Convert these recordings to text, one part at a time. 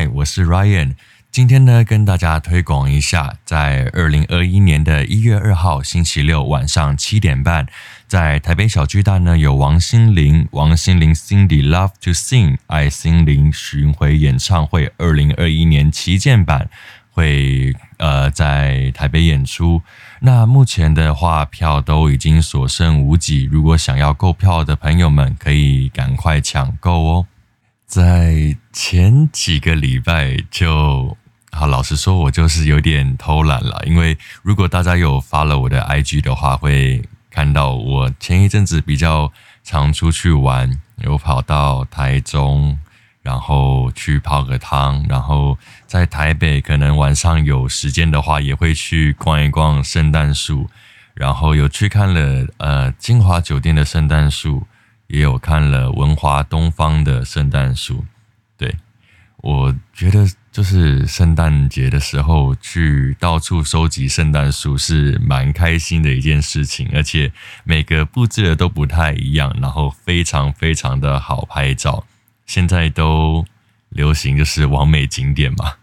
嗨，我是 Ryan，今天呢跟大家推廣一下，在二零二一年的一月二號星期六晚上七點半，在台北小巨蛋呢有王心凌王心凌 Cindy Love to Sing 愛心凌巡迴演唱會二零二一年旗艦版會呃在台北演出。那目前的話票都已經所剩無幾，如果想要購票的朋友們可以趕快搶購哦，在。前幾個禮拜就啊，老實說，我就是有點偷懶了。因為如果大家有發了我的 IG 的話，會看到我前一陣子比較常出去玩，有跑到台中，然後去泡個湯，然後在台北可能晚上有時間的話，也會去逛一逛聖誕樹，然後有去看了呃金華酒店的聖誕樹，也有看了文華東方的聖誕樹。對，我覺得就是聖誕節的時候去到處收集聖誕樹是蠻開心的一件事情，而且每個布置的都不太一樣，然後非常非常的好拍照。現在都流行就是網美景點嘛，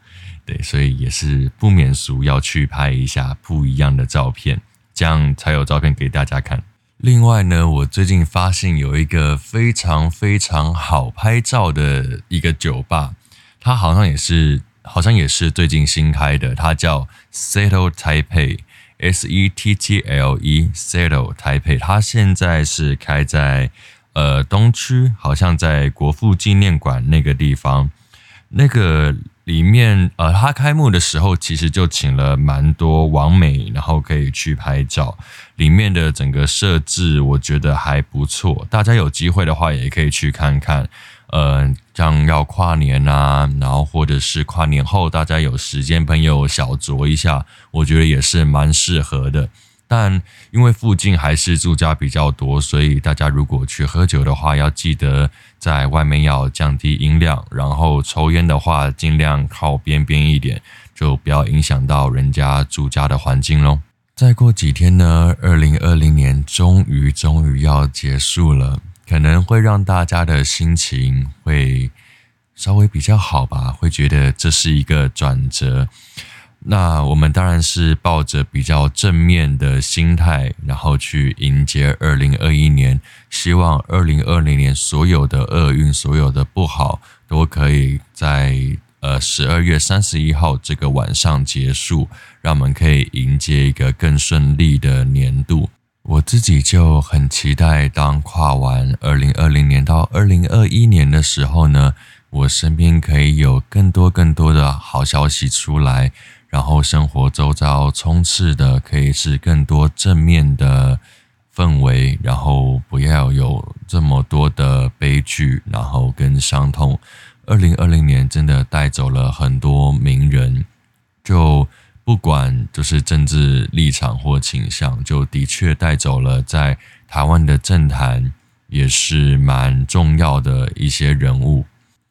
對，所以也是不免俗要去拍一下不一樣的照片，這樣才有照片給大家看。另外呢，我最近發現有一個非常非常好拍照的一個酒吧，它好像也是，好像也是最近新開的，它叫 Settle Taipei，S-E-T-T-L-E，Settle Taipei，它現在是開在，呃，東區，好像在國父紀念館那個地方，那個。裡面呃，他開幕的時候其實就請了蠻多網美，然後可以去拍照。裡面的整個設置我覺得還不錯，大家有機會的話也可以去看看。呃，像要跨年啊，然後或者是跨年後，大家有時間朋友小酌一下，我覺得也是蠻適合的。但因為附近還是住家比較多，所以大家如果去喝酒的話，要記得在外面要降低音量，然後抽煙的話盡量靠邊邊一點，就不要影響到人家住家的環境嘍。再過幾天呢，二零二零年終於終於要結束了，可能會讓大家的心情會稍微比較好吧，會覺得這是一個轉折。那我們當然是抱着比較正面的心態，然後去迎接二零二一年。希望二零二零年所有的厄運、所有的不好，都可以在呃十二月三十一號這個晚上結束，讓我們可以迎接一個更順利的年度。我自己就很期待，當跨完二零二零年到二零二一年的時候呢，我身邊可以有更多更多的好消息出來。然後生活周遭充斥的可以是更多正面的氛圍，然後不要有這麼多的悲劇，然後跟傷痛。二零二零年真的帶走了很多名人，就不管就是政治立場或傾向，就的確帶走了在台灣的政壇也是蠻重要的一些人物。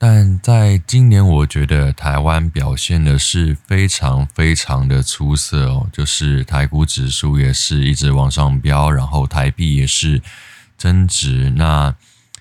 但在今年，我覺得台灣表現的是非常非常的出色哦，就是台股指數也是一直往上飆，然後台幣也是增值。那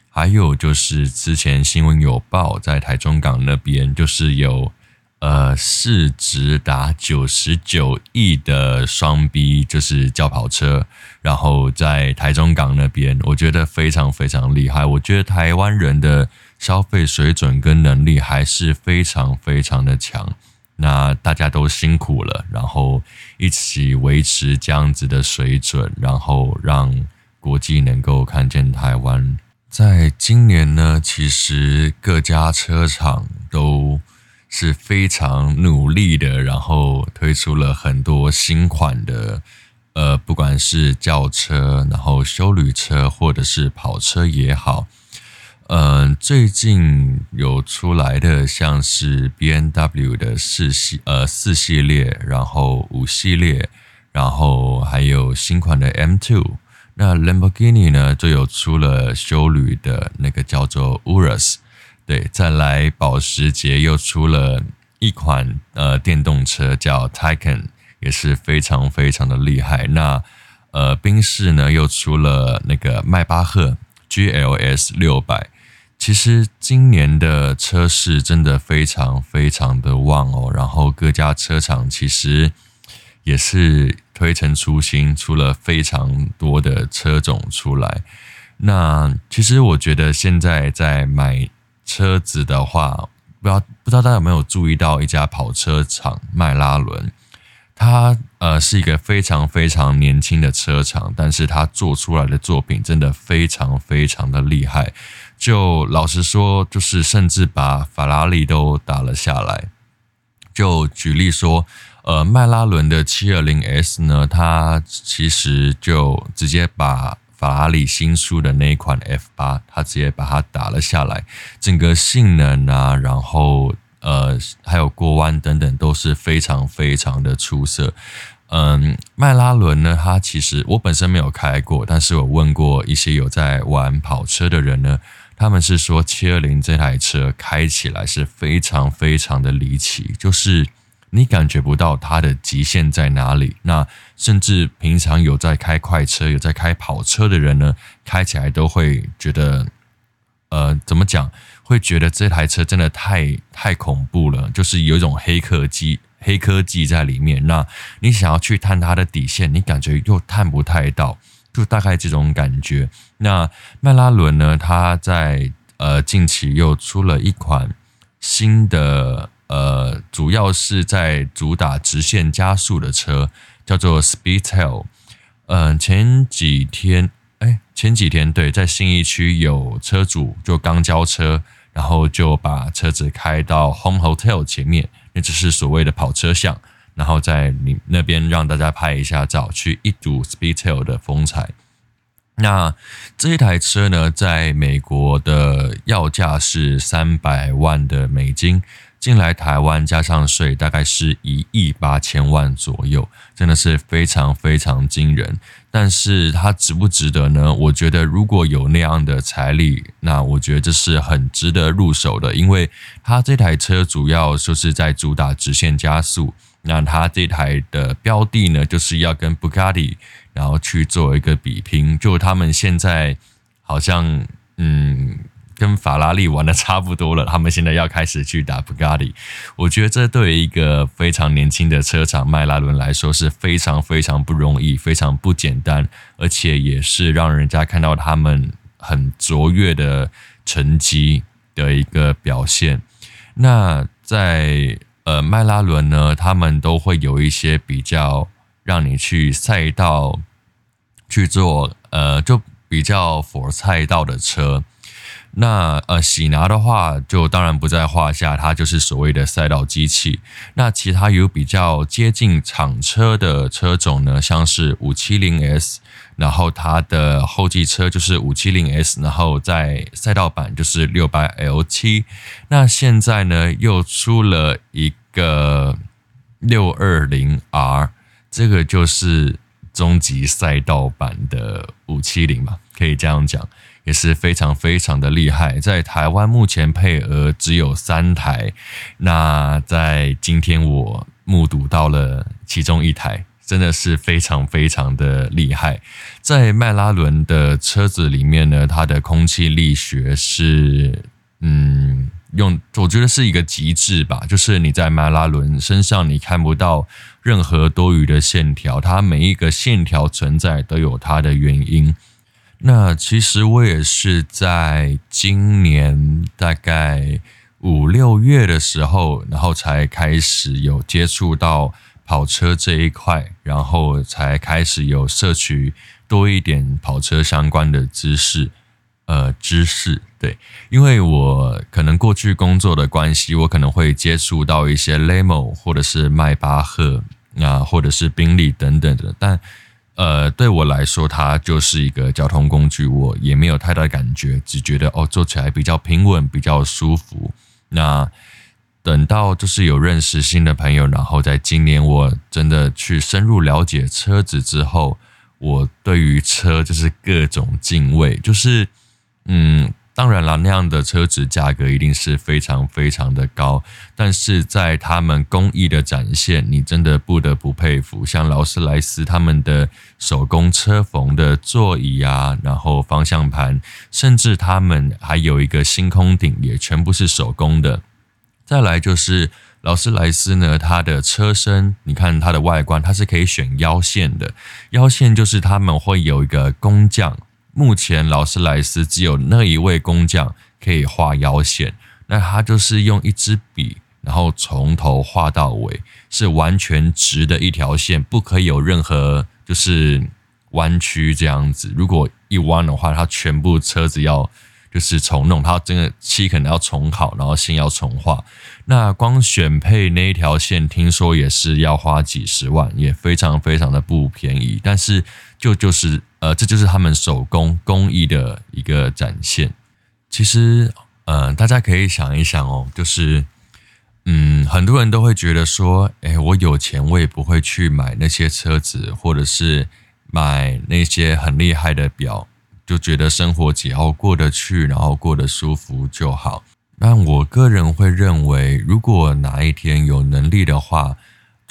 還有就是之前新聞有報，在台中港那邊就是有呃市值達九十九億的雙 B，就是轎跑車，然後在台中港那邊，我覺得非常非常厲害。我覺得台灣人的。消費水準跟能力還是非常非常的強，那大家都辛苦了，然後一起維持這樣子的水準，然後讓國際能夠看見台灣。在今年呢，其實各家車廠都是非常努力的，然後推出了很多新款的，呃，不管是轎車，然後休旅車，或者是跑車也好。嗯、呃，最近有出來的像是 B M W 的四系呃四系列，然後五系列，然後還有新款的 M two。那 Lamborghini 呢，就有出了休旅的那個叫做 Urus，對，再來保時捷又出了一款呃電動車叫 Taycan，也是非常非常的厲害。那呃賓士呢又出了那個邁巴赫 G L S 六百。其實今年的車市真的非常非常的旺哦，然後各家車廠其實也是推陳出新，出了非常多的車種出來。那其實我覺得現在在買車子的話，不知道不知道大家有沒有注意到一家跑車廠麥拉倫，它呃是一個非常非常年輕的車廠，但是它做出來的作品真的非常非常的厲害。就老實說，就是甚至把法拉利都打了下來。就舉例說，呃，麥拉倫的七二零 S 呢，它其實就直接把法拉利新出的那一款 F 八，它直接把它打了下來。整個性能啊，然後呃，還有過彎等等都是非常非常的出色。嗯，麥拉倫呢，它其實我本身沒有開過，但是我問過一些有在玩跑車的人呢。他們是說，七二零這台車開起來是非常非常的離奇，就是你感覺不到它的極限在哪裡。那甚至平常有在開快車、有在開跑車的人呢，開起來都會覺得，呃，怎麼講？會覺得這台車真的太太恐怖了，就是有一種黑科技、黑科技在裡面。那你想要去探它的底線，你感覺又探不太到。就大概這種感覺。那麥拉倫呢？他在，呃，近期又出了一款新的呃，主要是在主打直線加速的車，叫做 Speedtail。嗯、呃，前幾天哎，前幾天對，在信義區有車主就剛交車，然後就把車子開到 Home Hotel 前面，那就是所謂的跑車巷。然後在你那邊讓大家拍一下照，去一睹 Speedtail 的風采。那這一台車呢，在美國的要價是三百萬的美金，進來台灣加上稅大概是一億八千萬左右，真的是非常非常驚人。但是它值不值得呢？我覺得如果有那樣的財力，那我覺得這是很值得入手的，因為它這台車主要就是在主打直線加速。那他這台的標的呢，就是要跟布加迪，然後去做一個比拼。就他們現在好像，嗯，跟法拉利玩得差不多了。他們現在要開始去打布加迪，我覺得這對於一個非常年輕的車廠麥拉倫來說是非常非常不容易、非常不簡單，而且也是讓人家看到他們很卓越的成績的一個表現。那在。呃，麥拉倫呢，他們都會有一些比較讓你去賽道去做，呃，就比較 for 賽道的車。那呃，洗拿的話就當然不在話下，它就是所謂的賽道機器。那其他有比較接近廠車的車種呢，像是五七零 S，然後它的後繼車就是五七零 S，然後在賽道版就是六百 L T。那現在呢，又出了一個六二零 R，這個就是終極賽道版的五七零嘛，可以這樣講。也是非常非常的厲害，在台灣目前配額只有三台，那在今天我目睹到了其中一台，真的是非常非常的厲害。在麥拉倫的車子裡面呢，它的空氣力學是嗯，用我覺得是一個極致吧，就是你在麥拉倫身上你看不到任何多餘的線條，它每一個線條存在都有它的原因。那其實我也是在今年大概五六月的時候，然後才開始有接觸到跑車這一塊，然後才開始有攝取多一點跑車相關的知識，呃，知識對，因為我可能過去工作的關係，我可能會接觸到一些 Limo 或者是邁巴赫啊、呃，或者是賓利等等的，但。呃，對我來說，它就是一個交通工具，我也沒有太大的感覺，只覺得哦，坐起來比較平穩，比較舒服。那等到就是有認識新的朋友，然後在今年我真的去深入了解車子之後，我對於車就是各種敬畏，就是嗯。當然了，那樣的車子價格一定是非常非常的高，但是在他們工藝的展現，你真的不得不佩服。像勞斯萊斯他們的手工車縫的座椅啊，然後方向盤，甚至他們還有一個星空頂，也全部是手工的。再來就是勞斯萊斯呢，它的車身，你看它的外觀，它是可以選腰線的，腰線就是他們會有一個工匠。目前勞斯萊斯只有那一位工匠可以畫腰線，那他就是用一支筆，然後從頭畫到尾，是完全直的一條線，不可以有任何就是彎曲這樣子。如果一彎的話，他全部車子要就是重弄，他整個漆可能要重烤，然後線要重畫。那光選配那一條線，聽說也是要花幾十萬，也非常非常的不便宜。但是就就是。呃，這就是他們手工工藝的一個展現。其實，呃，大家可以想一想哦，就是，嗯，很多人都會覺得說，哎，我有錢，我也不會去買那些車子，或者是買那些很厲害的表，就覺得生活只要過得去，然後過得舒服就好。但我個人會認為，如果哪一天有能力的話。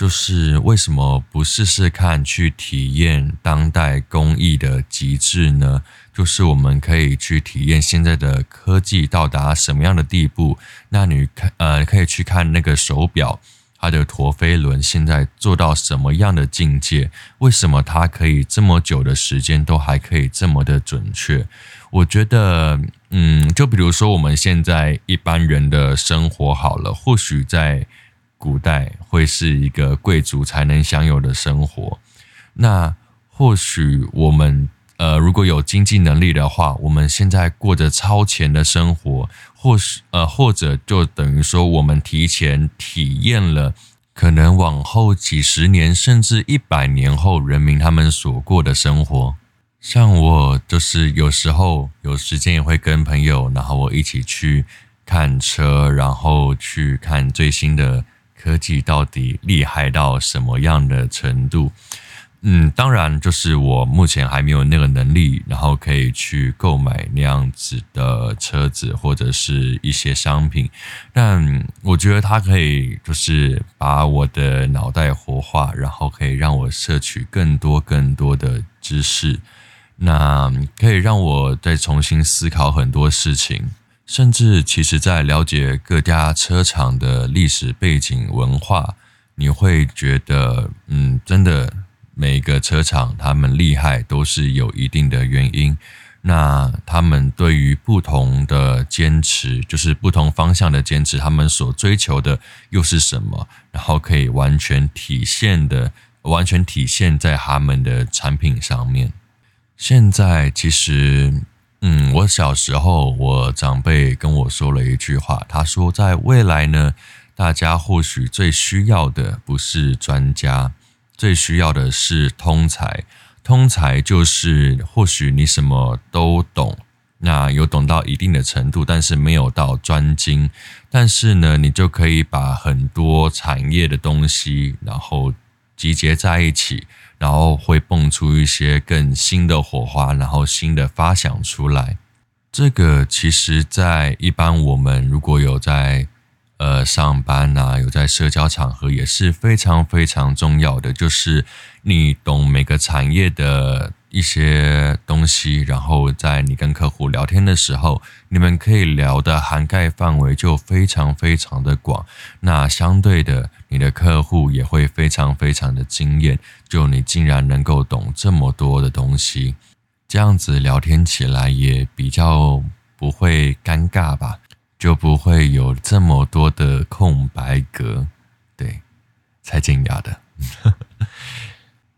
就是為什麼不試試看去體驗當代工藝的極致呢？就是我們可以去體驗現在的科技到達什麼樣的地步。那你看，呃，可以去看那個手錶，它的陀飛輪現在做到什麼樣的境界？為什麼它可以這麼久的時間都還可以這麼的準確？我覺得，嗯，就比如說我們現在一般人的生活好了，或許在。古代會是一個貴族才能享有的生活，那或許我們呃，如果有經濟能力的話，我們現在過着超前的生活，或許呃，或者就等於說，我們提前體驗了可能往後幾十年甚至一百年後人民他們所過的生活。像我就是有時候有時間也會跟朋友，然後我一起去看車，然後去看最新的。科技到底厲害到什麼樣的程度？嗯，當然，就是我目前還沒有那個能力，然後可以去購買那樣子的車子或者是一些商品。但我覺得它可以就是把我的腦袋活化，然後可以讓我攝取更多更多的知識，那可以讓我再重新思考很多事情。甚至，其實，在了解各家車廠的歷史背景、文化，你會覺得，嗯，真的每一個車廠他們厲害都是有一定的原因。那他們對於不同的堅持，就是不同方向的堅持，他們所追求的又是什麼？然後可以完全體現的，完全體現在他們的產品上面。現在其實。嗯，我小時候，我長輩跟我說了一句話，他說，在未來呢，大家或許最需要的不是專家，最需要的是通才。通才就是或許你什麼都懂，那有懂到一定的程度，但是沒有到專精，但是呢，你就可以把很多產業的東西，然後集結在一起。然後會蹦出一些更新的火花，然後新的發想出來。這個其實在一般我們如果有在呃上班吶、啊，有在社交場合也是非常非常重要的，就是你懂每個產業的。一些東西，然後在你跟客戶聊天的時候，你們可以聊的涵蓋範圍就非常非常的廣。那相對的，你的客戶也會非常非常的驚艷，就你竟然能夠懂這麼多的東西，這樣子聊天起來也比較不會尷尬吧？就不會有這麼多的空白格，對，才驚訝的。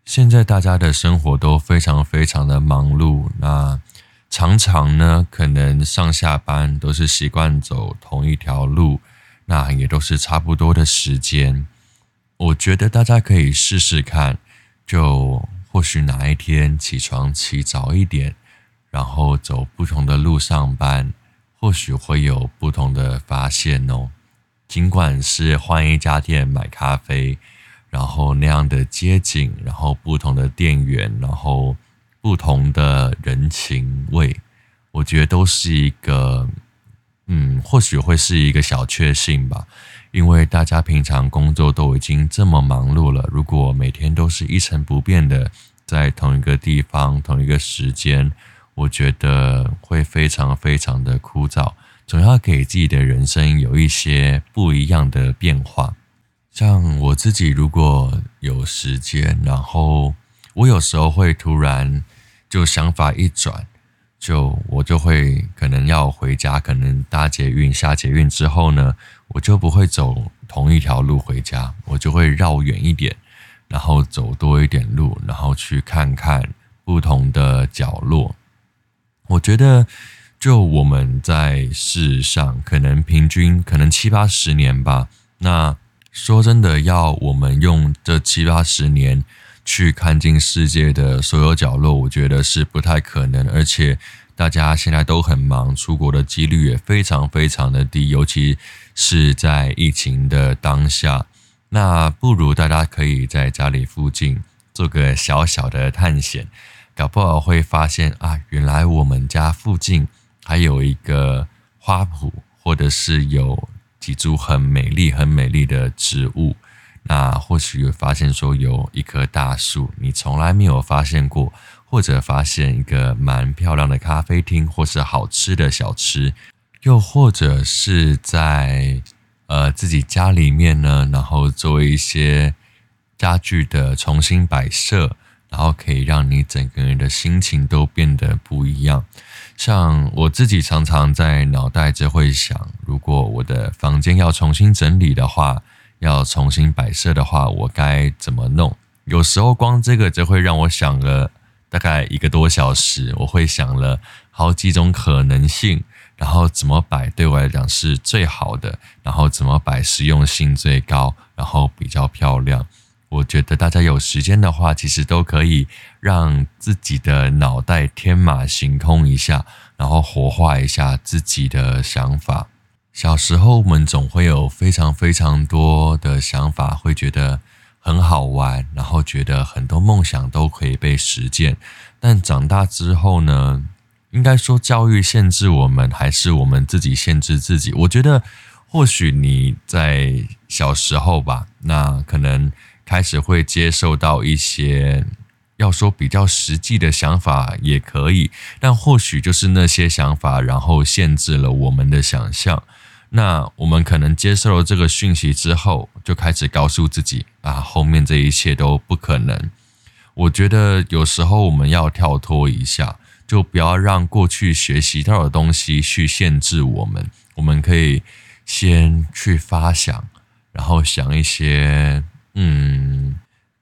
現在大家的生活都非常非常的忙碌，那常常呢，可能上下班都是習慣走同一條路，那也都是差不多的時間。我覺得大家可以試試看，就或許哪一天起床起早一點，然後走不同的路上班，或許會有不同的發現哦。儘管是換一家店買咖啡。然後那樣的街景，然後不同的店員，然後不同的人情味，我覺得都是一個，嗯，或許會是一個小確幸吧。因為大家平常工作都已經這麼忙碌了，如果每天都是一成不變的在同一個地方、同一個時間，我覺得會非常非常的枯燥。總要給自己的人生有一些不一樣的變化。像我自己如果有時間，然後我有時候會突然就想法一轉，就我就會可能要回家，可能搭捷運，下捷運之後呢，我就不會走同一條路回家，我就會繞遠一點，然後走多一點路，然後去看看不同的角落。我覺得，就我們在世上，可能平均，可能七八十年吧，那。說真的，要我們用這七八十年去看盡世界的所有角落，我覺得是不太可能。而且大家現在都很忙，出國的幾率也非常非常的低，尤其是在疫情的當下。那不如大家可以在家裡附近做個小小的探險，搞不好會發現啊，原來我們家附近還有一個花圃，或者是有。幾株很美麗、很美麗的植物，那或許發現說有一棵大樹，你從來沒有發現過，或者發現一個蠻漂亮的咖啡廳，或是好吃的小吃，又或者是在呃自己家裡面呢，然後做一些家具的重新擺設，然後可以讓你整個人的心情都變得不一樣。像我自己常常在腦袋就會想。的房間要重新整理的話，要重新擺設的話，我該怎麼弄？有時候光這個就會讓我想了大概一個多小時，我會想了好幾種可能性，然後怎麼擺對我來講是最好的，然後怎麼擺實用性最高，然後比較漂亮。我覺得大家有時間的話，其實都可以讓自己的腦袋天馬行空一下，然後活化一下自己的想法。小時候，我們總會有非常非常多的想法，會覺得很好玩，然後覺得很多夢想都可以被實踐。但長大之後呢？應該說教育限制我們，還是我們自己限制自己？我覺得，或許你在小時候吧，那可能開始會接受到一些，要說比較實際的想法也可以，但或許就是那些想法，然後限制了我們的想象。那我們可能接受了這個訊息之後，就開始告訴自己：啊，後面這一切都不可能。我覺得有時候我們要跳脫一下，就不要讓過去學習到的東西去限制我們。我們可以先去發想，然後想一些，嗯。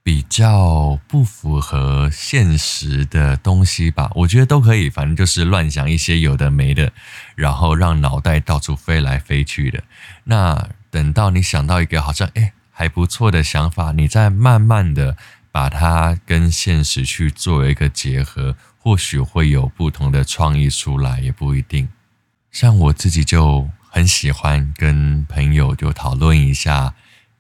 比較不符合現實的東西吧，我覺得都可以，反正就是亂想一些有的沒的，然後讓腦袋到處飛來飛去的。那等到你想到一個好像，欸，還不錯的想法，你再慢慢的把它跟現實去做一個結合，或許會有不同的創意出來，也不一定。像我自己就很喜歡跟朋友就討論一下。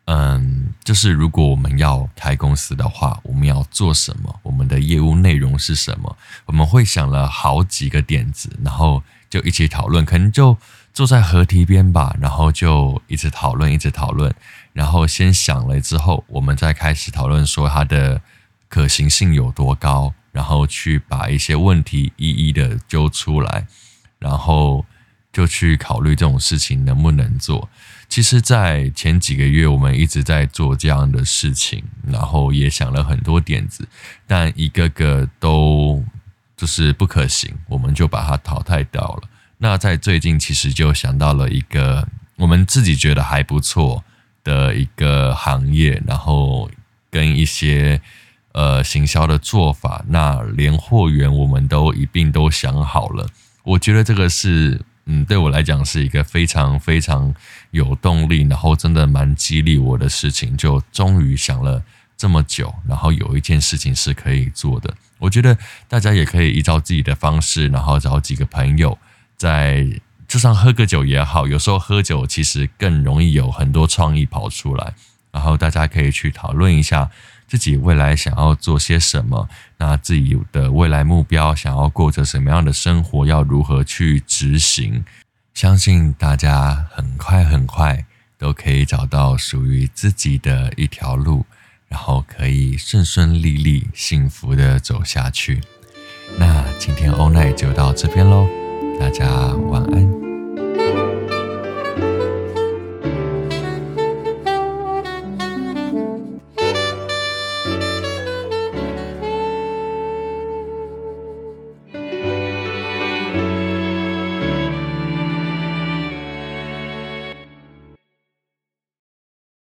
嗯，就是如果我們要開公司的話，我們要做什麼？我們的業務內容是什麼？我們會想了好幾個點子，然後就一起討論，可能就坐在河堤邊吧，然後就一直討論，一直討論，然後先想了之後，我們再開始討論說它的可行性有多高，然後去把一些問題一一的揪出來，然後就去考慮這種事情能不能做。其實，在前幾個月，我們一直在做這樣的事情，然後也想了很多點子，但一個個都就是不可行，我們就把它淘汰掉了。那在最近，其實就想到了一個我們自己覺得還不錯的一個行業，然後跟一些呃行銷的做法，那連貨源我們都一併都想好了。我覺得這個是。嗯，對我來講是一個非常非常有動力，然後真的蠻激勵我的事情。就終於想了這麼久，然後有一件事情是可以做的。我覺得大家也可以依照自己的方式，然後找幾個朋友，在就算喝個酒也好，有時候喝酒其實更容易有很多創意跑出來，然後大家可以去討論一下。自己未來想要做些什麼，那自己的未來目標，想要過着什麼樣的生活，要如何去執行？相信大家很快很快都可以找到屬於自己的一條路，然後可以順順利利，幸福地走下去。那今天 Owl Night 就到這邊嘍，大家晚安。